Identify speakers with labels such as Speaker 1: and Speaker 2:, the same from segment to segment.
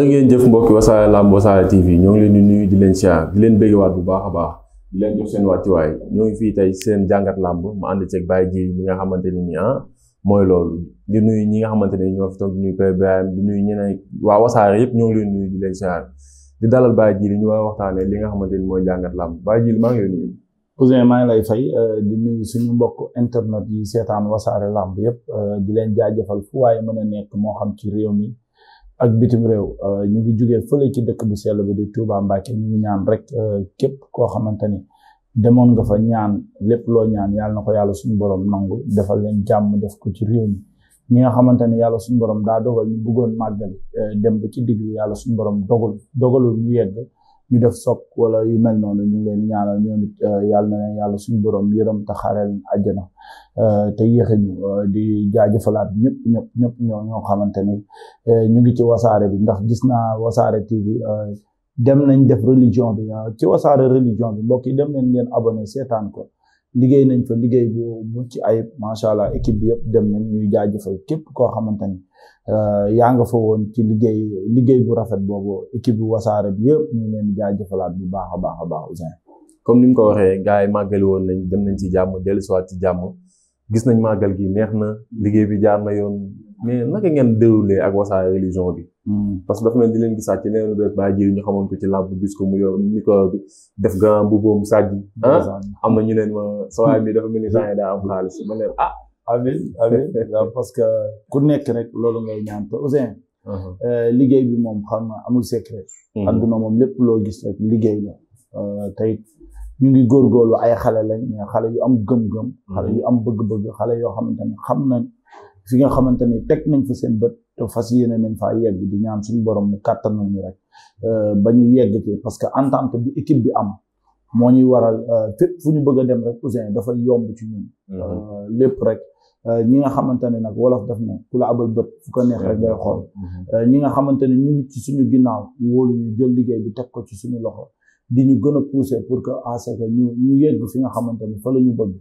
Speaker 1: jërë ngeen jëf mbokki wasaare làmb wasaare TV ñoo ngi leen di nuyu di leen siyaar di leen béggewaat bu baax a baax di leen jox seen ñoo ngi fii tey seen jàngat làmb ànd ceeg bàyyi ji bi nga xamante ne ni ah mooy loolu di nuyu ñi nga xamante ne ñoo fi toog di nuyu Père Birahim di nuyu ñeneen waa wasaare yëpp ñoo ngi leen nuyu di leen siyaar di dalal bàyyi ji li ñu war a waxtaanee li nga xamante ni mooy jàngat làmb bàyyi ji maa ngi lay nuyu Ousseyn maa lay fay euh, di nuyu suñu mbokk internet yi
Speaker 2: seetaan wasaare làmb yëpp euh, di leen jaajëfal fu waaye mën a nekk moo xam ci réew mi ak bitim réew euh, ñu ngi jugee fële ci dëkk bi sell bi di Touba Mbacke ñu ngi ñaan rek euh, képp koo xamante ni demoon nga fa ñaan lépp loo ñaan yàlla na ko yàlla suñu borom nangu defal leen jàmm def ko ci réew mi ñi nga xamante ni yàlla suñu borom daa dogal ñu bëggoon màggali euh, dem ba ci digg yàlla suñu borom dogal dogalul ñu yegg ñu def soog wala yu mel noonu ñu ngi leen ñaan ñoom it yàlla na yàlla suñu boroom yërëm te xaaree Euh, te yéexe ñu euh, di jaajëfalaat ñëpp ñëpp ñëpp ñoo ñoo xamante ni euh, ñu ngi ci wasaare bi ndax gis naa wasaare TV dem nañ def religion bi ci wasaare religion bi mbokk yi dem nañ ngeen abonné seetaan ko liggéey nañ fa liggéey bu ci ay macha allah équipe bi yëpp dem nañ ñuy jaajëfal képp koo xamante ni yaa nga fa woon ci liggéey liggéey bu rafet boobu équipe bu wasaare bi yëpp ñu leen jaajëfalaat bu baax a baax a baax
Speaker 1: comme ni ñu ko waxee gars yi màggali woon nañ dem nañ ci jàmm dellusiwaat ci jàmm gis nañ màggal gi neex na liggéey bi jaar na yoon mais naka ngeen déroulé ak Wassare religion bi. Hmm. parce que dafa mel di leen gisaat ci leneen lu baa jiri ñu xamoon ko ci làmb gis ko mu yor micro bi def grand boubou Sadji. ah am na ñu leen ma sa waay bi dafa mel ni temps daa am xaalis ma leen ah, parce que ku nekk rek loolu ngay ñaan te Ousseyn. Uh-huh.
Speaker 2: Euh, liggéey bi moom xam amul secret. Hmm. àdduna moom lépp loo gis rek liggéey la euh, tey ñu ngi góor góorlu ay xale lañ mais xale yu am gëm-gëm. Mm-hmm. xale yu am bëgg-bëgg xale yoo xamante ni xam nañ fi nga xamante ni teg nañ fa seen bët fas yéene nañ faa yegg di ñaan suñu borom mu kàttan nañu rek euh, ba ñu yegg ci parce que entente bi équipe bi am moo ñuy waral euh, fépp fu ñu bëgg a dem rek Ouzin dafa yomb ci ñun. Mm-hmm. Euh, lépp rek. ñi nga xamante ne nag wolof daf ne ku la abal bët fu ko neex rek ngay xool mm-hmm. ñi nga xamante ne ñu ngi ci suñu ginnaaw wóolu ñu jël liggéey bi teg ko ci suñu loxo di ñu gën a pousser pour que à ñu ñu yegg fi nga xamante ni fa la ñu bëgg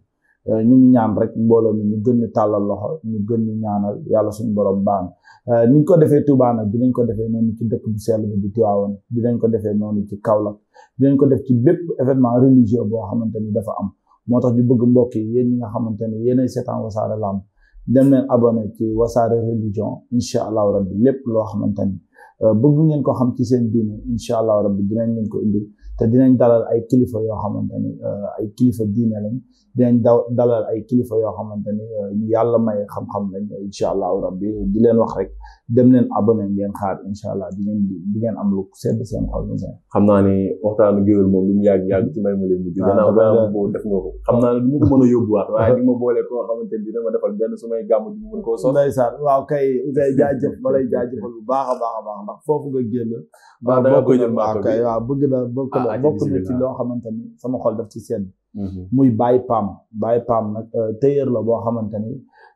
Speaker 2: euh, ñu ngi ñaan rek mbooloo mi ñu gën ñu tàllal loxo ñu gën ñu ñaanal yàlla suñu borom baax na ni ñu euh, ko defee Touba nag dinañ ko defee noonu ci dëkk bu sell bi di Tivaouane ko defee noonu ci Kaolack dinañ ko def ci bépp événement religieux boo xamante ni dafa am moo tax ñu bëgg mbokk yi yéen ñi nga xamante ni yéenay seetaan Wassare Lamb dem leen abonné ci Wassare Religion incha allahu rabbi lépp loo xamante ni euh, bëgg ngeen ko xam ci seen diine incha allahu rabbi dinañ n ko indi te dinañ dalal ay kilifa yoo xamante ni euh, ay kilifa diine lañ dinañ daw dalal ay kilifa yoo xamante ni euh, ñu yàlla may xam-xam lañ incha allahu rabbi di leen wax rek dem leen abonné ngeen xaar
Speaker 1: incha allah di ngeen di ngeen am lu sedd seen xol mi sax. xam naa ne waxtaanu géwél moom lu mu yàgg yàgg ci may ma leen mujj. waaw ah, gannaaw boo def nga ko xam naa ne du ma ko mën a yóbbuwaat waaye di ma boole koo xamante ni dina ma defal benn su may gàmm ji mën koo sos. ndeysaan waaw kay Ouzin jaajëf ba lay jaajëfal bu baax a
Speaker 2: baax a baax ndax foofu nga génn. Ah, waaw da nga ko jël maa ko allah bokk na ci loo xamante ni sama xol daf ci sedd mhm. muy Baye Pam Baye Pam nag euh, tailleur la boo xamante ni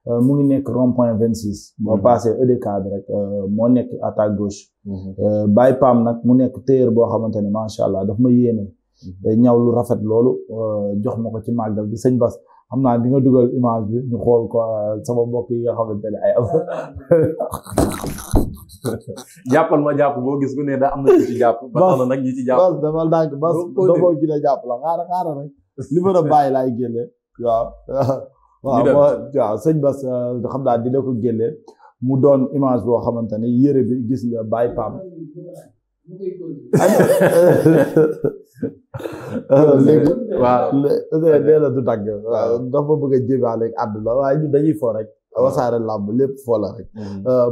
Speaker 2: euh, mu ngi nekk rond point vingt six boo mhm. passé EDK bi rek euh, moo nekk attaque ta gauche mhm. Baye Pam nag mu nekk tailleur boo xamante ni macha allah daf ma yéene ñaw lu rafet loolu jox ma ko ci màggal bi sëñ Bas xam naa di nga dugal image bi ñu xool ko euh, sama mbokk yi nga xamante ne ay
Speaker 1: jàppal ma jàpp boo gis ku ne daa am na ci jàpp. ba tax na nag bas dafa dànk bas a
Speaker 2: jàpp la xaaral xaaral rek
Speaker 1: li mën a bàyyi laay génne waaw waaw
Speaker 2: waaw sëñ Bas euh, xam naa dina ko génne mu doon image boo xamante ne yére bi gis nga bàyyi paam léegi waaw nee du dagg waaw dafa bëgg a jébaale àddu la waaye ñun dañuy fo rek wasaare làmb lépp fo la rek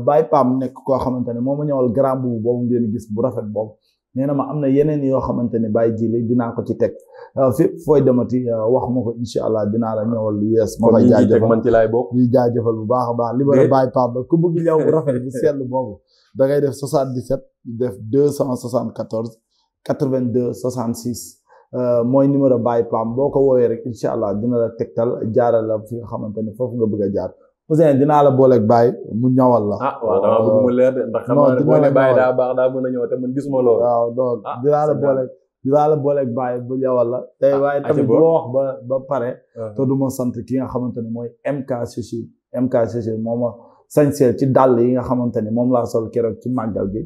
Speaker 2: Baye Pam nekk koo xamante ne moo ma ñëwal grand bu boobu ngeen gis bu rafet boobu nee na ma am na yeneen yoo xamante ne Baye Jili dinaa ko ci teg fépp fooy demati wax ma ko incha allah dinaa la ñëwal lu yees ma koy jaajëfal man ci laay bokk ñuy bu baax a baax li bara Baye Pam ku bëgg ñëw bu rafet bu sell boobu da ngay def 77 def 274 82 66 mooy numéro Baye Pam boo ko woowee rek incha allah dina la tegtal jaaral la fi nga xamante ni foofu nga bëgg a jaar Ousseyn dinaa la booleeg Baye mu ñawal la. ah waaw dama bëgg mu leer
Speaker 1: a ñëw te man gisuma loolu. waaw ah, la booleeg dinaa la booleeg Baye bu
Speaker 2: ñawal la. Ah, tey waaye ah, tamit boo wax ba ba pare. te du ma sant ki nga xamante ni mooy MK Cécile moom Cécile sañseel ci dàll yi nga xamante ne moom laa sol keroog ci màggal gi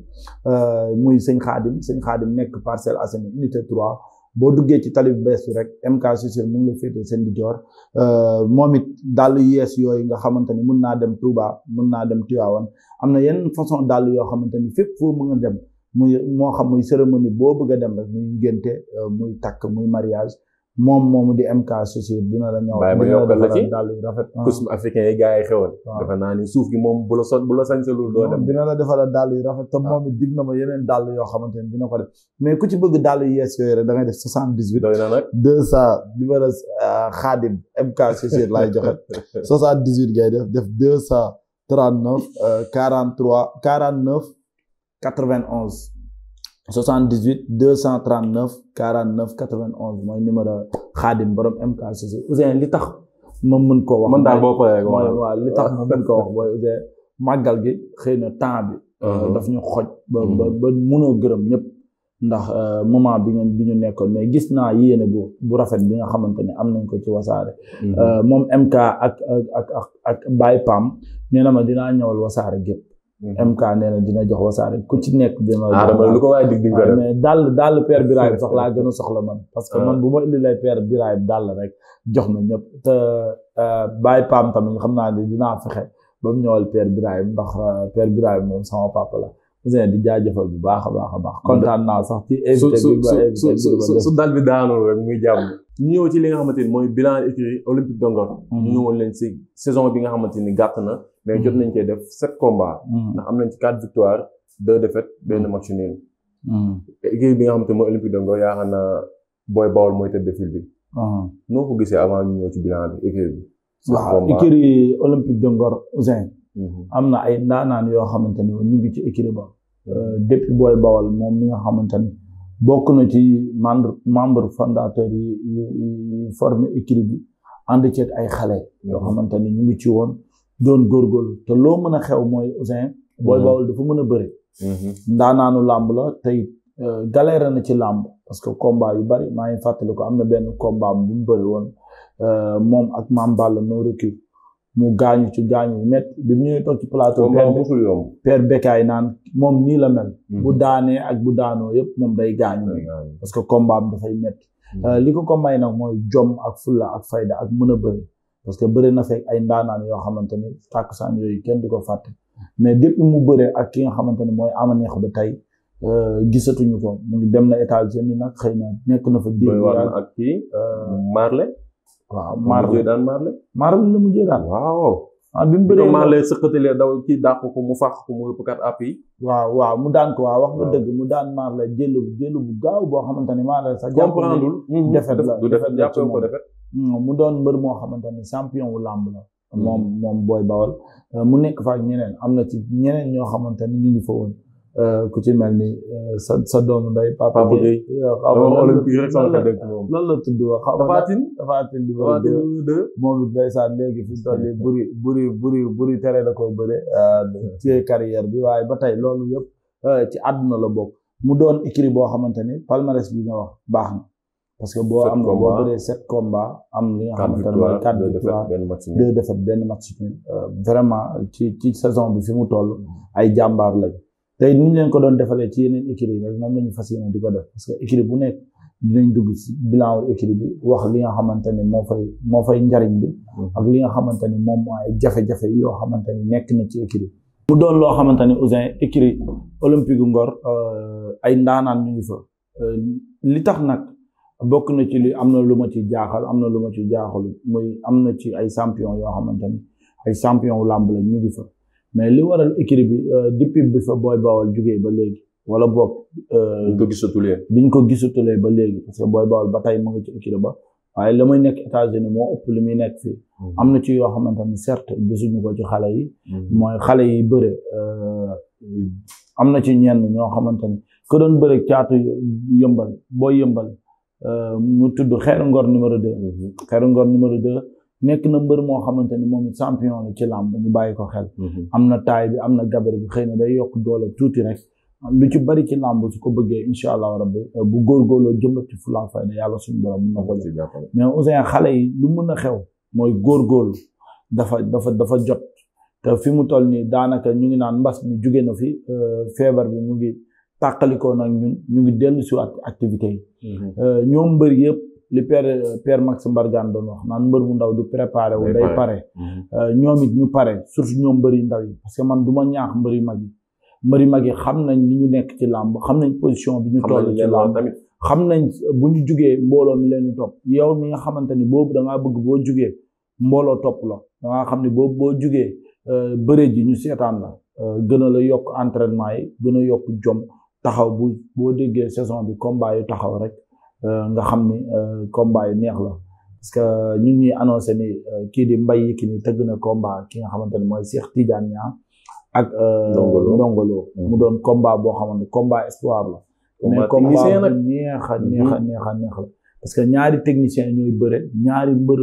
Speaker 2: euh, muy sëñ xaadim sëñ xaadim nekk parcelle Assainies unité 3 boo duggee ci tali bu bees bi rek MK Cissé mu ngi la féetee seen di joor euh, moom it dàll yu yees yooyu nga xamante ni mun naa dem Touba mun naa dem Tivaouane am na yenn façon dàll yoo xamante ni fépp foo mën a dem muy moo xam muy cérémonie boo bëgg a dem rek muy ngénte euh, muy takk muy mariage moom moomu di MK Cissé dina la ñëw. waaye ba yokkal la ci
Speaker 1: rafet. Ah. couche africain yi gars yi xewoon. waaw naa ni suuf gi moom bu la so bu la sañ loolu doo dem. dina
Speaker 2: la defal dàll yu rafet te ah. moom dig na ma yeneen dàll yoo xamante ne dina ko def mais ku ci bëgg dàll yu yees yooyu rek da ngay def soixante dix huit. doy na nag deux cent numéro MK Cissé joxe soixante dix huit ngay def def deux cent trente neuf euh, quarante trois quarante neuf quatre vingt onze. 78 239 49 91 mooy numéro xaadim borom MK Cissé Ouzin li tax ma mën koo wax. mën daal boo li tax ma mën koo wax mooy Ouzin màggal gi xëy na temps bi. Uh-huh. Euh, daf ñu xoj. ba mm-hmm. ba ba mënoo gërëm ñëpp. ndax euh, moment bi ngeen bi ñu nekkoon mais gis naa yéene bu bu rafet bi nga xamante ni am nañ ko ci wasaare. Mm-hmm. Euh, moom MK ak ak ak Pam nee na ma dinaa ñëwal wasaare gépp MK mhm. nee na dina jox wasaare ku ci nekk dina. ah dama lu ko waaye dig di sax laa gën a soxla man. parce que ah. man bu ma indi lay père Birahim dàll rek jox na ñëpp. te Baye Pam tamit xam naa ne dinaa fexe ba mu ñëwal père Birahim ndax euh, père Birahim moom sama papa la. Ousseyn di jaajëfal bu baax a baax a baax. kontaan naa sax ci invité bi ba invité bi su
Speaker 1: dal bi daanoo rek muy jàmm. ñu ñëw ci li nga xamante ni mooy bilan écrit olympique de Ngor. Mhm. ñu saison bi nga xamante ni gàtt na. mais jot nañ kee def sept hmm. am nañ ci quatre victoires deux défaites benn hmm. match nul. Hmm. bi nga xamante ne mooy Olympique de Ngor yaakaar naa mooy tête de file bi. noo ko gisee avant ñu ñëw ci bilan
Speaker 2: de Ngor Ouzin. am na ay ndaanaan yoo xamante ni ñu ngi ci écurie ba. Euh, depuis Boy moom nga xamante ni bokk na ci membre membre fondateur yi yi yi formé écurie bi ànd ay xale. yoo xamante ni ñu ngi ci woon. doon góorgóorlu te loo mën a xew mooy Ouzin Boy mm-hmm. dafa mën a bëri mm-hmm. ndaanaanu làmb la tey euh, galère na ci làmb parce que combat yu bari maa ngi fàttali am na benn combat bu mu bëri woon euh, moom ak Mame mu gaañu ci gaañu métti bi mu ñëwee toog ci plateau naan moom nii la mel mm-hmm. bu daanee ak bu daanoo yëpp moom day gaañu que combat dafay metti euh, li ko ko may na mooy jom ak fulla ak fayda ak mën a bëri parce que bëri na fekk ay ndaanaan yoo xamante ni tàkkusaan yooyu kenn du ko fàtte mais depuis mu bëree ak ki nga xamante ni mooy ama neex ba tey euh, gisatuñu ko mu ngi dem na États-Unis nag xëy na nekk na fa. diir ak
Speaker 1: kii euh, Marley. waaw Marley daan
Speaker 2: la mujjee daan waaw. ah bi mu bëree maa lay
Speaker 1: sëqatalee daw kii dàq ko mu fàq ko mu rëppkat app yi waaw waaw
Speaker 2: mu daan ko waaw wax nga dëgg mu daan maar la jëlu jëlu bu gaaw boo xamante ni maar la sax comprendul defet la du defet jàppee ko defet mm, mu doon mbër moo xamante ni champion wu làmb la mm-hmm. moom moom booy bawal euh, mu nekk faa ñeneen am na ci ñeneen ñoo xamante ni ñu ngi fa woon Eh, ku ci mel ni eh, sa sa doomu nday papa Gueye olympique rek moom loolu la tudd wax tafaatin tafaatin di bëri de moom it léegi fi mu toll nii buri buri buri buri tere la koo bëre eh, ci carrière bi waaye ba tey loolu yëpp ci àdduna la bokk mu doon écrit boo xamante ni palmarès bi nga wax baax na parce que boo am boo bëree sept combat am li nga xamante ne mooy quatre victoire deux défaites benn match nul vraiment ci ci saison bi fi mu toll ay jàmbaar lañ tey ni leen ko doon defalee ci yeneen écurie nag moom la ñu fas yéene di ko def parce que écurie bu nekk dinañ dugg ci bilan wu écurie bi wax li nga xamante ni moo fay moo fay njariñ bi ak li nga xamante ni moom mooy jafe-jafe yoo xamante ni nekk na ci écurie mu doon loo xamante ni Ouzin écurie olympique Ngor euh, ay ndaanaan ñu ngi fa euh, li tax nag bokk na ci li am na lu ma ci jaaxal am na lu ma ci jaaxal muy am na ci ay champion yoo xamante ni ay champion làmb la ñu ngi fa mais li waral écrit bi euh, depuis bi fa Boy Baol jugee ba léegi wala boog. biñ euh, ko biñ ko gisatulee ba léegi parce que Boy Baol ba tey mu ngi ci écrit ba waaye la muy nekk États-Unis moo ëpp li muy nekk fii. Hmm. am na ci yoo xamante ni certes gisuñu ko ci xale yi. Hmm. mooy xale yi bëre euh, am na ci ñenn ñoo xamante ni ku doon bëre caatu yëmbal boo yëmbal mu tudd xeeru ngor numéro deux. xeeru hmm. ngor numéro deux. nekk na mbër moo xamante ni moom it champion ci làmb ñu bàyyi ko xel. Mhm. am na taay bi am na gabarit bi xëy na day yokk doole tuuti rek. lu ci bari ci làmb su ko bëggee incha allah rab euh, bu góorgóorloo jëmbat ci fulla fayda yàlla suñu
Speaker 1: borom mun na ko jàppale
Speaker 2: mais Ouzin xale yi lu mun a xew mooy góor góorgóorlu dafa dafa dafa jot te fi mu toll nii daanaka ñu ngi naan mbas mu jóge na fi euh, feebar bi mu ngi tàqalikoo nag ñun ñu ngi dellu si activité yi mhm. euh, ñoom mbër yëpp li père père Max Mbargane doon wax naan mbër mu ndaw du préparé wu day pare mhm. euh, ñoom it ñu pare surtout ñoom mbëri ndaw yi parce que man du ma ñaax yu mag yi mbëri mag yi xam nañ ni ñu nekk ci làmb xam nañ position bi ñu toll ci làmb xam nañ bu ñu jugee mbooloo mi leen topp yow mi nga xamante ni boobu da bëgg boo jugee mbooloo topp la da xam ne boobu boo jugee euh, bëre ji ñu seetaan la euh, gën a la yokk entraînement yi gën a yokk jom taxaw bu boo déggee saison bi combat yu taxaw rek Euh, nga xam ni euh, combat yi neex la parce que euh, ñu ngi annoncé ni kii di mbay Mbaye Yékini tëgg na combat ki nga xamante ne mooy Cheikh Tidiane Niang ak Ndongolo mm. mu doon combat boo xamante ne combat espoir la
Speaker 1: neex a mm-hmm.
Speaker 2: neex a neex a neex la parce que ñaari technicien ñooy bëre ñaari mbër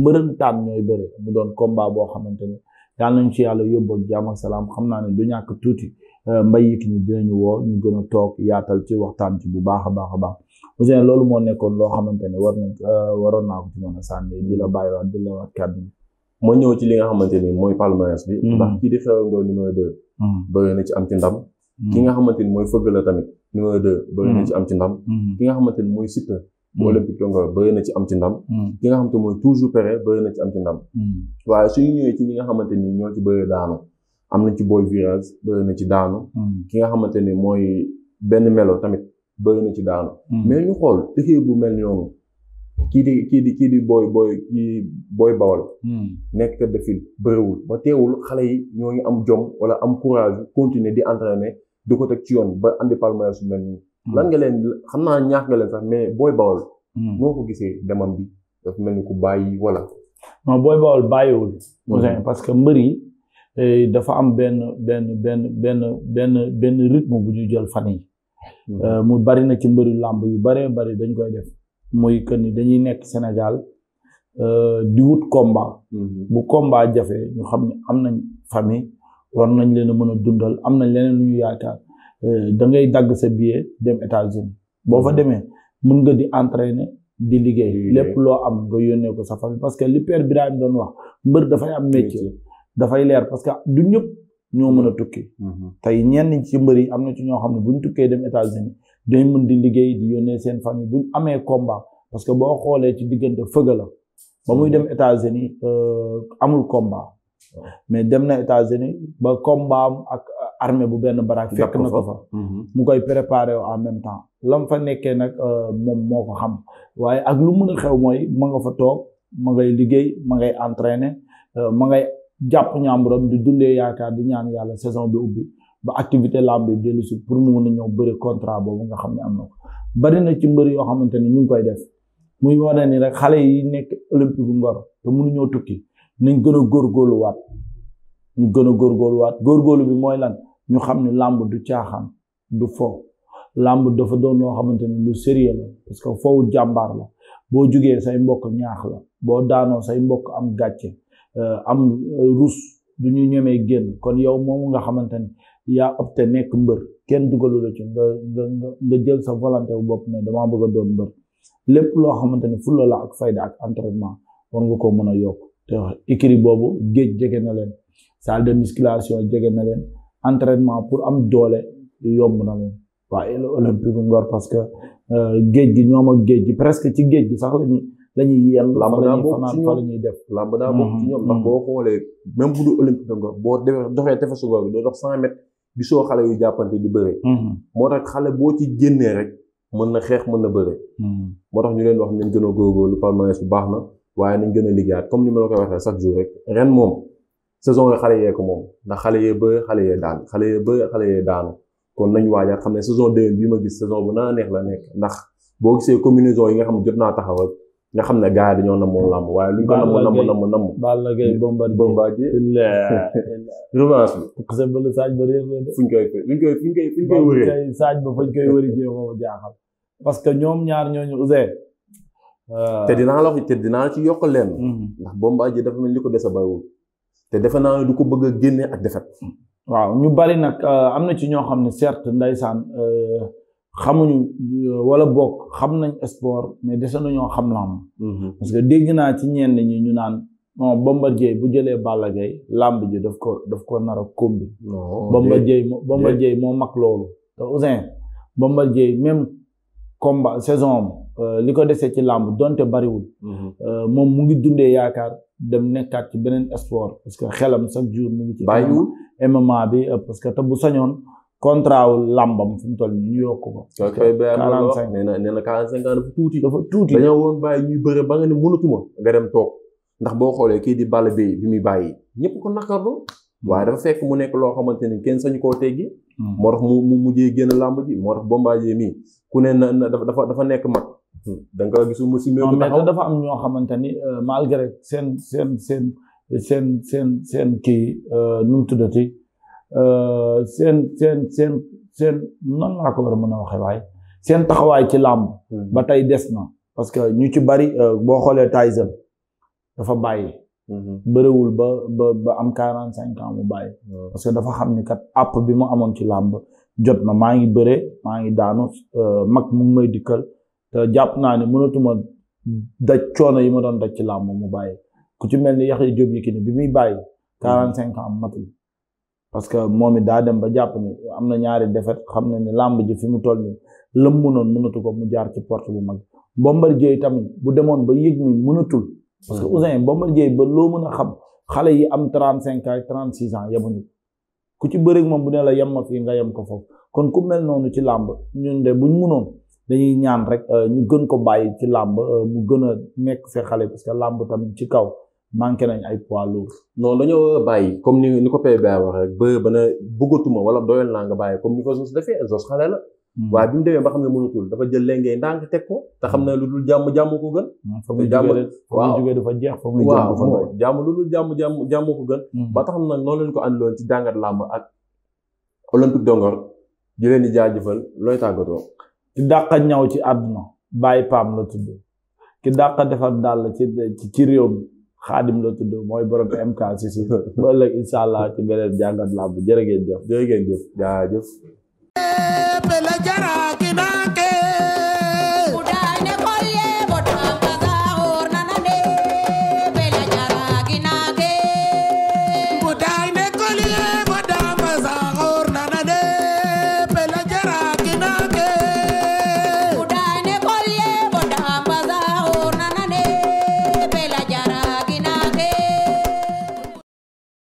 Speaker 2: mbërëntaan ñooy bëre mu doon combat boo xamante ne yàlla nañ ci yàlla yóbbu ak salaam xam naa ne du ñàkk tuuti Euh, Mbaye Yékini dinañu woo ñu gën a toog yaatal ci waxtaan ci bu baax a baax a baax mu Ouzin loolu moo nekkoon loo xamante
Speaker 1: ne war euh,
Speaker 2: waroon naa ko ci mën a la bàyyiwaat di la waat kàddu
Speaker 1: moo ñëw ci li nga xamante ni mooy palmarès bi. Mm-hmm. ndax kii di xewandoo numéro 2.
Speaker 2: Mm-hmm.
Speaker 1: bëri na ci am ci ndam. Mm-hmm. ki nga xamante ni mooy fëgg la tamit numéro 2. bëri na ci am ci ndam. ki nga xamante ni mooy Siteu. bu olympique Tongo bëri na ci am ci ndam. ki nga xamante mooy toujours Péré bëri na ci am ci ndam. waaye su ñu ñëwee ci nga xamante ni ñoo ci bëri daanu. am na ci booy virage bëri na ci daanu. Hmm. ki nga xamante ne mooy benn melo tamit bëri na ci daanu. Hmm. mais ñu xool liggéey bu mel noonu kii di kii di kii di booy booy kii booy bawal. Hmm. nekk tête de file bëriwul ba teewul xale yi ñoo ngi am jom wala am courage continuer di entraîner di ko teg ci yoon ba andi palmarès su mel nii. lan nga leen xam naa ñaax nga leen sax mais booy bawal. noo ko gisee demam bi dafa mel ni ku bàyyi wala. non booy bawal bàyyiwul.
Speaker 2: parce que mbër Eh, dafa am benn benn benn benn benn benn rythme bu ñu jël fan yi hmm. eh, mu bari na ci mbëri làmb yu baree bari dañ koy def muy que ni dañuy nekk Sénégal eh, di wut komba hmm. bu komba jafe ñu xam ne am nañ famille war nañ leen a mën a dundal am nañ leneen lu ñu yaakaar da ngay dagg sa billet dem États-Unis boo fa hmm. demee mën nga di entraîner di liggéey lépp loo am nga yónnee ko sa famille parce que li père Birahim doon wax mbër dafay am métier dafay leer parce que du ñëpp ñoo mën a tukki. Mhm. tey ñenn ci mbër am na ci ñoo xam ne bu ñu tukkee dem États-Unis day mën di liggéey di yónnee seen famille bu ñu amee combat parce que boo xoolee ci diggante fëgg la ba muy dem États-Unis euh, amul combat. mais dem na États-Unis ba combat am ak euh, armée bu benn baraak fekk na ko fa mhm. mu koy préparé en même temps lam fa nekkee nag euh, moom moo ko xam waaye ak lu mën a xew mooy mu nga fa toog mu ngay liggéey mu ngay entraîné jàpp ñaamburam di dundee yaakaar di ñaan yàlla saison bi ubbi ba activité làmb bi dellu si pour mu mën a ñëw bëri contrat boobu nga xam ne am na ko bari na ci mbër yoo xamante ni ñu ngi koy def muy wane nii rek xale yi nekk olympique ngor te mënuñoo tukki nañ gën a góor góorluwaat ñu gën a góor góor góorlu bi mooy lan ñu xam ne làmb du caaxam du fo làmb dafa doon loo xamante ni lu sérieux la parce que foofu jàmbaar la boo jugee say mbokk ñaax la boo daanoo say mbokk am gàcce Euh, am euh, rus du ñu ñemee génn kon yow moom nga xamante ni yaa opté nekk mbër kenn dugalu la ci nga nga nga jël sa volonté bu bopp ne damaa bëgg doon mbër lépp loo xamante ni fulla la ak fayda ak entraînement war nga koo mën a yokk te écrit boobu géej jege na leen salle de musculation jege na leen entraînement pour am doole yomb na leen waaye olympique ngor parce que euh, géej gi ñoom géej gi presque ci géej gi sax lañuy la ñuy yenn. làmb daa bokk ci ñuy def. làmb daa bokk ci ñoom ndax mhm.
Speaker 1: boo xoolee même bu dul olympique de boo defee doxee tefesu Ngor bi doo dox cent mètres gisoo xale yu jàppante di bëre. Mhm. moo tax xale boo ci génnee rek mën na xeex mën na bëre. Mhm. moo tax ñu leen wax nañ gën a góorgóorlu palmarès su baax na waaye nañ gën a liggéeyaat comme ni ma la koy waxee chaque jour rek ren moom saison yi xale yee ko moom ndax xale yee bëre xale yee daan xale yee bëre xale yee daanu kon nañ waajaat xam ne saison deux bi ma gis saison bu naa neex la nekk ndax boo gisee combinaison yi nga xam ne naa taxaw nga xam ne gars yi dañoo namoon làmb waaye luñ ko namoon namoon namoon namoon. Balla Gaye Bombardier Bombardier. revanche bi. xasee ba la saaj ba réer la de. fuñ koy fuñ koy fuñ koy fuñ koy wëree.
Speaker 2: saaj ba fañ koy wëri jéem a jaaxal. parce que ñoom ñaar ñooñu Ousseyn.
Speaker 1: Euh, te dinaa la te dinaa ci yokk leen. Mhm. ndax Bombardier dafa mel ni ko dese bariwul. te defe naa ne du ko bëgg a génne ak defet waaw ñu bari nag euh, am na ci ñoo xam ne certes
Speaker 2: ndeysaan euh, xamuñu euh, wala bokk xam nañ sport mais dese nañoo xam lamb mm-hmm. parce que dégg naa ci ñenn ñi ñu naan non Bombardier bu jëlee Balla Gaye làmb ji daf ko daf ko nar a kombi Bombardier Bombardier moo mag loolu te Ouzin Bombardier même combat saison euh, li ko desee ci làmb donte bariwul mm-hmm. euh, moom mu ngi dundee yaakaar dem nekkaat ci beneen sport parce que xelam chaque jour mu ngi ci bàyyiwul MMA bi parce que te bu sañoon contrat wu làmbam fu mu toll nii ñu yokk ko. quarante cinq
Speaker 1: nee na nee na quarante cinq ans dafa tuuti. dafa tuuti dañoo woon bàyyi ñuy bëre ba nga ne mënatuma nga dem toog ndax boo xoolee kii di Balla Gaye bi muy bàyyi ñëpp ko naqarlu mm. waaye dafa fekk mu nekk loo xamante ni kenn sañu koo teggi. Mm. moo tax mu mu mujjee génn làmb ji moo tax Bombardier mii ku ne na dafa dafa nekk mag. Mm. da nga gis mu si mais dafa
Speaker 2: am ñoo xamante ni euh, malgré seen seen seen seen seen seen kii euh, nu mu tuddati Euh, seen seen seen seen nan laa ko war a mën a waxe waaye seen taxawaay ci làmb hmm. ba tey des na parce que ñu ci bari euh, boo xoolee Tyson dafa bàyyi hmm. bëriwul ba ba ba am quarante cinq ans mu bàyyi hmm. parce que dafa xam ni kat àpp bi mu amoon ci làmb jot na maa ngi bëre maa ngi daanu euh, mag mu ngi may dikkal te jàpp naa ne mënatuma daj coono yi ma doon daj ci làmb mu bàyyi ku ci mel ni Yaxya Jóob Yékini bi muy bàyyi quarante cinq ans matul parce que moom it daa dem ba jàpp ni am na ñaari defet xam na ni làmb ji fi mu toll nii la mu mënoon mënatu ko mu jaar ci porte bu mag Bombardier tamit bu demoon ba yëg ni mënatul parce que Ouzin Bombardier ba loo mën a xam xale yi am trente cinq ans trente six yemuñu ku ci bëreeg moom bu ne la yem fii nga yem ko foofu kon ku mel noonu ci làmb ñun de buñ mënoon dañuy ñaan rek euh, ñu gën ko bàyyi ci làmb euh,
Speaker 1: mu gën a nekk fee xale parce que làmb tamit ci kaw manqué nañ ay poids lourd. non dañoo bàyyi comme ni ni ko PBA waxee rek ba ba na bëggatuma wala doyal naa nga bàyyi comme ni ko Zos defee Zos xale la. Hmm. waaye bi mu demee ba xam ne mënatul dafa jël lenge ndànk teg ko te xam ne lu dul jàmm jàmm ko gën. Hmm, fa muy jógee fa dafa jeex fa muy jàmm jàmm lu dul jàmm jàmm jàmm ko gën. Hmm. ba tax nag noonu lañ ko àndaloon ci jàngat làmb ak olympique de Ngor di leen di jaajëfal looy tàggatoo. ki dàqa ñaw ci àdduna bàyyi paam la tudd
Speaker 2: ki dàqa defar dàll ci ci réew mi xaadim la tudd mooy borom MKCC ba ëllëg incha allah ci beneen jàngat làmb